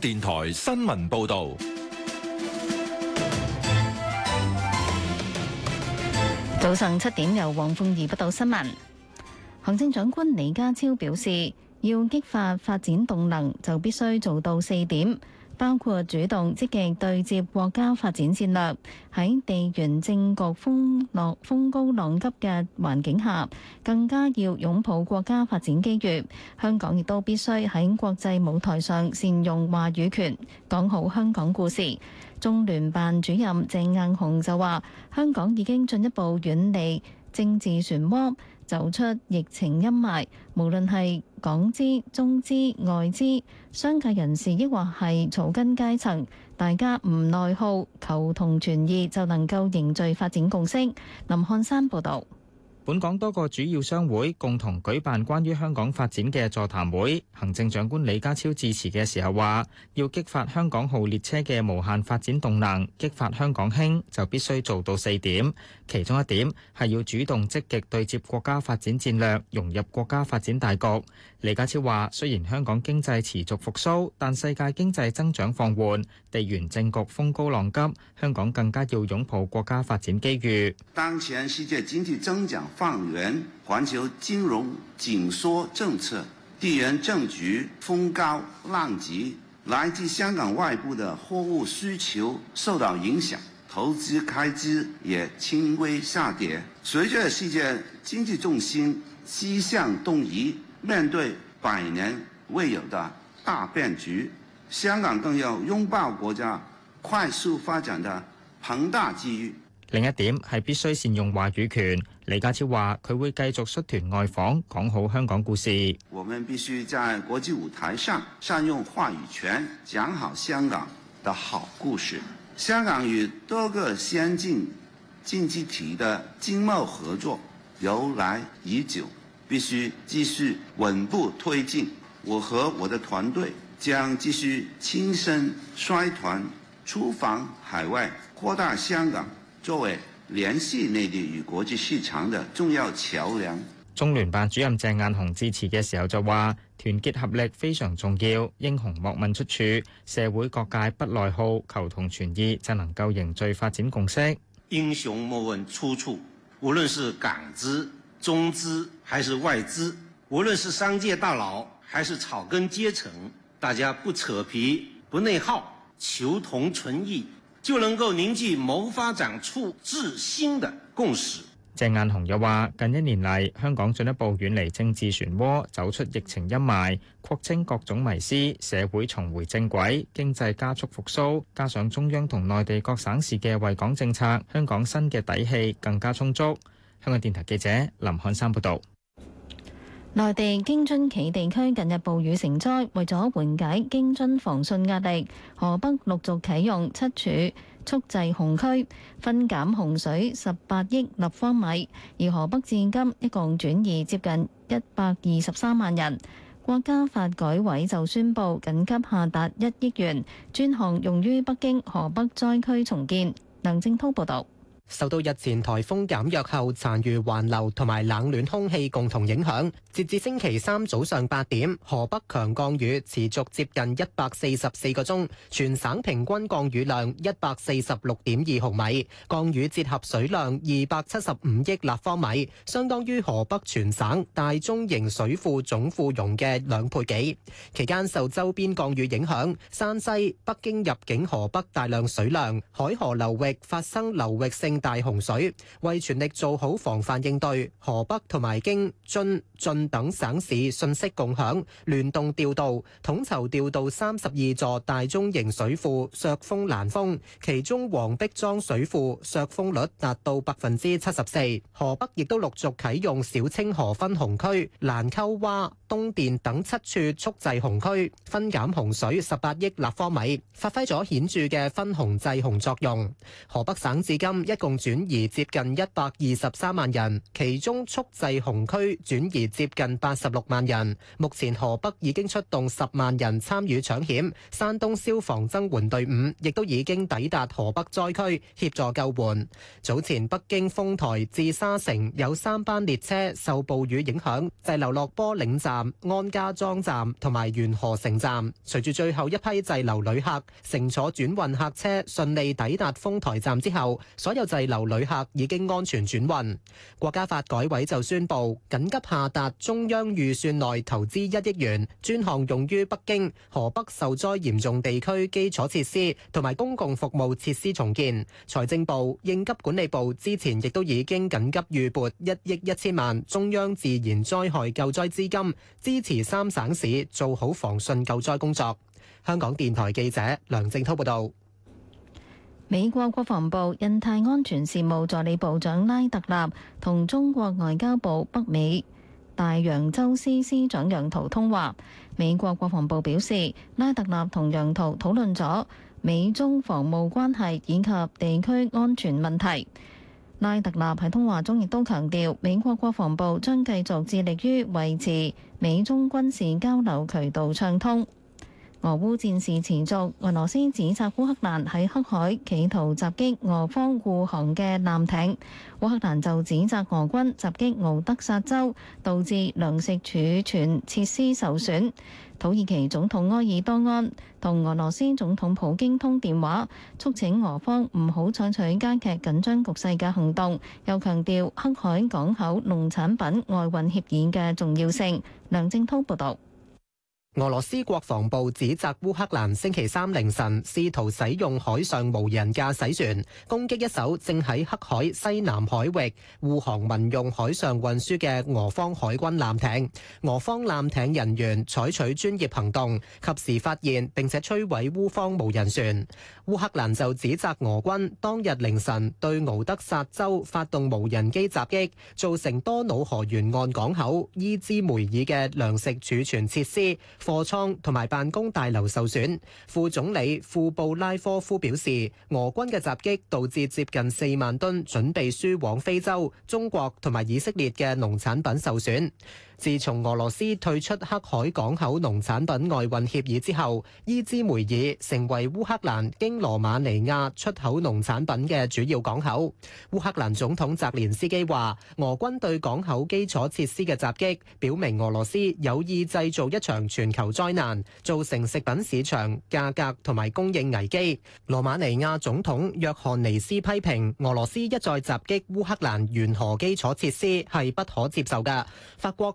電台新聞報道，早上七點由黃鳳儀報道新聞。行政長官李家超表示，要激發發展動能，就必須做到四點。包括主動積極對接國家發展戰略，喺地緣政局風浪風高浪急嘅環境下，更加要擁抱國家發展機遇。香港亦都必須喺國際舞台上善用話語權，講好香港故事。中聯辦主任鄭雁雄就話，香港已經進一步遠離政治漩渦。走出疫情陰霾，無論係港資中資外資、商界人士，抑或係草根階層，大家唔內耗，求同存異就能夠凝聚發展共識，林漢山報道。本港多個主要商會共同舉辦關於香港發展嘅座談會，行政長官李家超致辭嘅時候話，要激發香港號列車嘅無限發展動能，激發香港興，就必須做到四點，其中一點，係要主動積極對接國家發展戰略，融入國家發展大局。李家超話：雖然香港經濟持續復甦，但世界經濟增長放緩，地緣政局風高浪急，香港更加要擁抱國家發展機遇。當前世界經濟增長放緩，環球金融緊縮政策、地緣政局風高浪急，來自香港外部的貨物需求受到影響，投資開支也輕微下跌。隨着世界經濟重心西向東移。面對百年未有的大變局，香港更要擁抱國家快速發展嘅龐大機遇。另一點係必須善用話語權。李家超話：佢會繼續率團外訪，講好香港故事。我們必須在國際舞台上善用話語權，講好香港嘅好故事。香港與多個先進經濟體嘅經貿合作由來已久。必須繼續穩步推進，我和我的團隊將繼續親身率團出訪海外，擴大香港作為聯繫內地與國際市場的重要橋樑。中聯辦主任鄭雁雄致辭嘅時候就話，團結合力非常重要，英雄莫問出處，社會各界不內耗，求同存異就能夠凝聚發展共識，英雄莫問出處，無論是港資。中資還是外資，無論是商界大佬還是草根階層，大家不扯皮不內耗，求同存異，就能夠凝聚謀發展促治新的共識。鄭雁雄又話：近一年嚟，香港進一步遠離政治漩渦，走出疫情陰霾，廓清各種迷思，社會重回正軌，經濟加速復甦，加上中央同內地各省市嘅惠港政策，香港新嘅底氣更加充足。香港電台記者林漢山報道，內地京津冀地區近日暴雨成災，為咗緩解京津防汛壓力，河北陸續啟用七處蓄滯洪區，分減洪水十八億立方米，而河北至今一共轉移接近一百二十三萬人。國家發改委就宣布緊急下達一億元專項用於北京、河北災區重建。梁正濤報道。受到日前颱風減弱後殘餘環流同埋冷暖空氣共同影響，截至星期三早上八點，河北強降雨持續接近一百四十四個鐘，全省平均降雨量一百四十六點二毫米，降雨折合水量二百七十五億立方米，相當於河北全省大中型水庫總庫容嘅兩倍幾。期間受周邊降雨影響，山西、北京入境河北大量水量，海河流域發生流域性大洪水，為全力做好防範應對，河北同埋京津晉等省市信息共享、聯動調度、統籌調度三十二座大中型水庫削峰攔峰，其中黃壁莊水庫削峰率達到百分之七十四。河北亦都陸續啟用小清河分洪區、蘭溝窪、東澱等七處蓄滯洪區，分減洪水十八億立方米，發揮咗顯著嘅分洪滯洪作用。河北省至今一共共轉移接近一百二十三萬人，其中蓄滯洪區轉移接近八十六萬人。目前河北已經出動十萬人參與搶險，山東消防增援隊伍亦都已經抵達河北災區協助救援。早前北京豐台至沙城有三班列車受暴雨影響滯留落坡嶺站、安家莊站同埋沿河城站，隨住最後一批滯留旅客乘坐轉運客車順利抵達豐台站之後，所有滯留旅客已經安全轉運。國家發改委就宣布緊急下達中央預算內投資一億元，專項用於北京、河北受災嚴重地區基礎設施同埋公共服務設施重建。財政部應急管理部之前亦都已經緊急預撥一億一千萬中央自然災害救災資金，支持三省市做好防汛救災工作。香港電台記者梁正滔報道。美國國防部印太安全事務助理部長拉特納同中國外交部北美大洋洲司司長楊濤通話。美國國防部表示，拉特納同楊濤討論咗美中防務關係以及地區安全問題。拉特納喺通話中亦都強調，美國國防部將繼續致力於維持美中軍事交流渠道暢通。俄烏戰事持續，俄羅斯指責烏克蘭喺黑海企圖襲擊俄方護航嘅艦艇，烏克蘭就指責俄軍襲擊敖德薩州，導致糧食儲存設施受損。土耳其總統埃爾多安同俄羅斯總統普京通電話，促請俄方唔好採取加劇緊張局勢嘅行動，又強調黑海港口農產品外運協議嘅重要性。梁正滔報道。俄羅斯國防部指責烏克蘭星期三凌晨試圖使用海上無人駕駛船攻擊一艘正喺黑海西南海域護航民用海上運輸嘅俄方海軍艦艇。俄方艦艇人員採取專業行動，及時發現並且摧毀烏方無人船。烏克蘭就指責俄軍當日凌晨對敖德薩州發動無人機襲擊，造成多瑙河沿岸港口伊茲梅爾嘅糧食儲存設施。貨倉同埋辦公大樓受損。副總理庫布拉科夫表示，俄軍嘅襲擊導致接近四萬噸準備輸往非洲、中國同埋以色列嘅農產品受損。自從俄羅斯退出黑海港口農產品外運協議之後，伊茲梅爾成為烏克蘭經羅馬尼亞出口農產品嘅主要港口。烏克蘭總統澤連斯基話俄軍對港口基礎設施嘅襲擊表明俄羅斯有意製造一場全球災難，造成食品市場價格同埋供應危機。羅馬尼亞總統約翰尼斯批評俄羅斯一再襲擊烏克蘭沿河基礎設施係不可接受噶。法國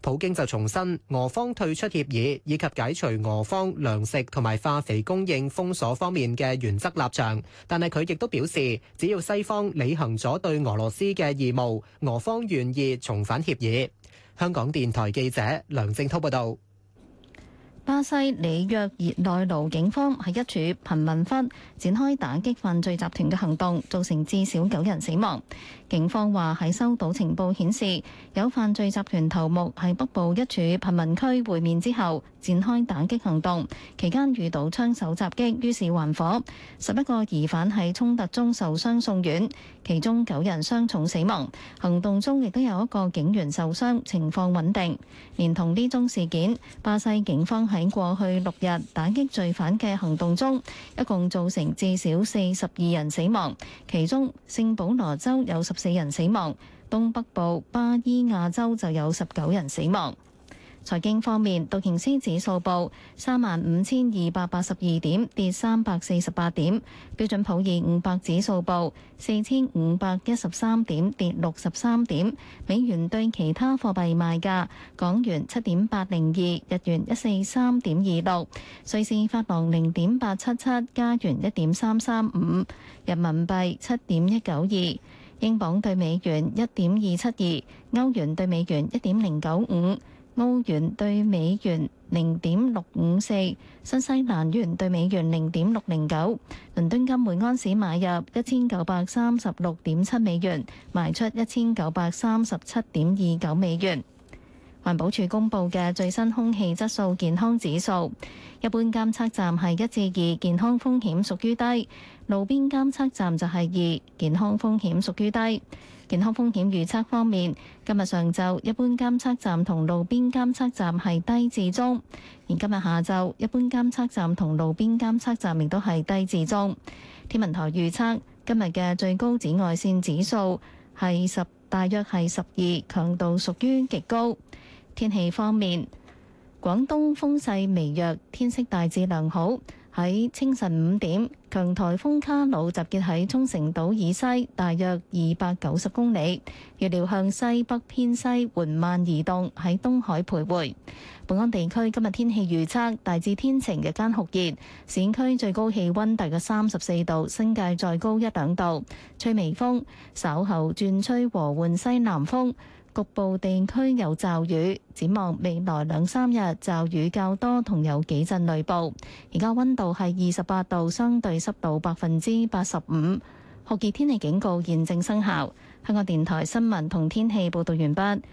普京就重申俄方退出協議以及解除俄方糧食同埋化肥供應封鎖方面嘅原則立場，但係佢亦都表示，只要西方履行咗對俄羅斯嘅義務，俄方願意重返協議。香港電台記者梁正濤報道。巴西里約熱內盧警方喺一處貧民窟展開打擊犯罪集團嘅行動，造成至少九人死亡。警方話喺收到情報顯示有犯罪集團頭目喺北部一處貧民區會面之後，展開打擊行動。期間遇到槍手襲擊，於是還火。十一個疑犯喺衝突中受傷送院，其中九人傷重死亡。行動中亦都有一個警員受傷，情況穩定。連同呢宗事件，巴西警方喺過去六日打擊罪犯嘅行動中，一共造成至少四十二人死亡，其中聖保羅州有十四人死亡。東北部巴伊亞州就有十九人死亡。財經方面，道瓊斯指數報三萬五千二百八十二點，跌三百四十八點。標準普爾五百指數報四千五百一十三點，跌六十三點。美元對其他貨幣賣價：港元七點八零二，日元一四三點二六，瑞士法郎零點八七七，加元一點三三五，人民幣七點一九二。英鎊對美元一點二七二，歐元對美元一點零九五，歐元對美元零點六五四，新西蘭元對美元零點六零九。倫敦金每安士買入一千九百三十六點七美元，賣出一千九百三十七點二九美元。環保署公布嘅最新空氣質素健康指數，一般監測站係一至二，健康風險屬於低；路邊監測站就係二，健康風險屬於低。健康風險預測方面，今日上晝一般監測站同路邊監測站係低至中，而今日下晝一般監測站同路邊監測站亦都係低至中。天文台預測，今日嘅最高紫外線指數係十，大約係十二，強度屬於極高。天氣方面，廣東風勢微弱，天色大致良好。喺清晨五點，強颱風卡努集結喺沖繩島以西，大約二百九十公里，預料向西北偏西緩慢移動喺東海徘徊。本港地區今日天，天氣預測大致天晴，日間酷熱，市區最高氣温大概三十四度，新界再高一兩度，吹微風，稍後轉吹和緩西南風。局部地區有驟雨，展望未來兩三日驟雨較多同有幾陣雷暴。而家溫度係二十八度，相對濕度百分之八十五。酷熱天氣警告現正生效。香港電台新聞同天氣報導完畢。